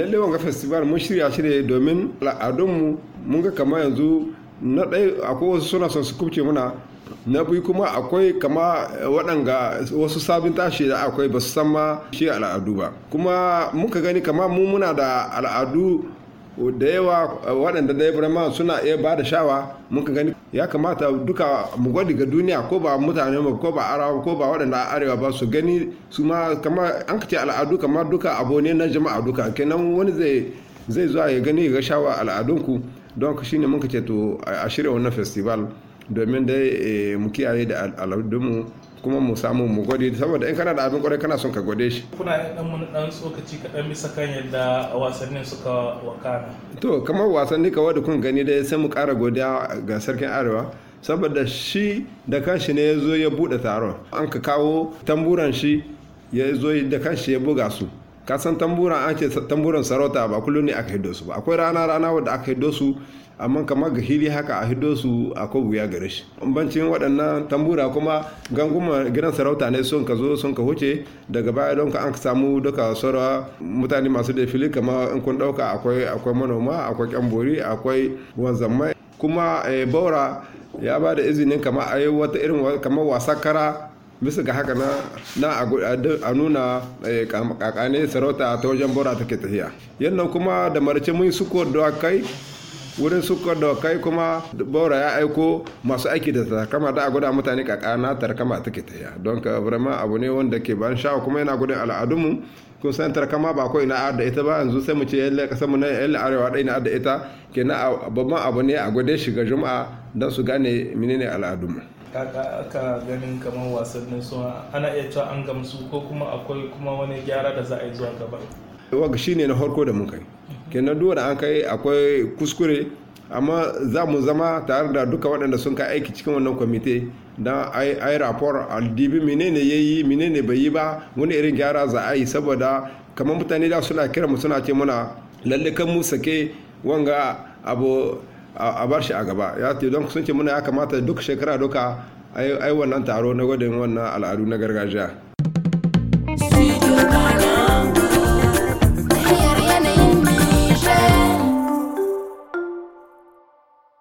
lalle wanga festival mun shirya shi ne domin al'adunmu mun ga kama yanzu na ɗaya akwai wasu suna son su kubce muna na biyu kuma akwai kama waɗanga wasu sabin tashi da akwai ba su san ma shi al'adu ba kuma muka gani kama mu muna da al'adu da yawa eh, waɗanda da suna iya ba da shawa muka gani ya kamata duka mu gwadi ga duniya ko ba mutane ba ko ba arawa ko ba waɗanda arewa ba su gani su ma kama an kace al'adu kamar duka abu ne na jama'a duka kenan wani zai zai zuwa ya gani ga shawa al'adunku don ka shine muka ce to a shirya wannan festival domin dai eh, mu kiyaye da al'adunmu kuma mu samu mu gode saboda in kana da abin kwarai kana son ka gwade shi kuna dan mun dan tsokaci kaɗan bisa kan yadda wasannin suka wakana to kamar wasanni kawai da kun gani dai sai mu ƙara godiya ga sarkin arewa saboda shi da kanshi ne ya zo ya buɗe taron an ka kawo tamburan shi ya zo da kanshi ya buga su Kasan san an ce tamburan sarauta ba kullum ne aka hiddo su ba akwai rana rana wadda aka hiddo su amma kamar ga hili haka a hiddo su akwai wuya gare shi bancin waɗannan tambura kuma ganguma gidan sarauta ne sun ka zo sun ka huce daga baya don ka an samu duka saura mutane masu da fili kamar in kun ɗauka akwai akwai manoma akwai kyambori akwai wanzamai kuma eh, baura ya ba da izinin kamar a yi wata irin kamar wasa kara bisa ga haka na a nuna eh, kakane sarauta ta wajen bora take tafiya yannan kuma da marce mun suko da kai wurin suko da kai kuma bora ya aiko masu aiki da kama da a gwada mutane kakana tarkama take tafiya don ka vraiment abu ne wanda ke ban sha kuma yana gudun al'adunmu kun san tarkama ba ko ina da ita ba yanzu sai mu ce yalle kasan mu na yalle arewa da ina da ita kenan babban abu ne a gode shiga juma'a don su gane menene al'adunmu kaka aka ganin kamar wasannin su ana iya cewa an gamsu ko kuma akwai kuma wani gyara da za a yi zuwa gaba shi shine na harko da mun kai kenan duk da an kai akwai kuskure amma za mu zama tare da duka waɗanda sun kai aiki cikin wannan kwamite don yi rapor aldibi menene ya yi menene bai yi ba wani irin gyara za a yi saboda kamar mutane da suna kira mu suna ce muna lalle kan mu sake wanga abu a bar shi a gaba ya ce don sun ce muna ya kamata duk shekara duka ai wannan taro na gwadin wannan al'adu na gargajiya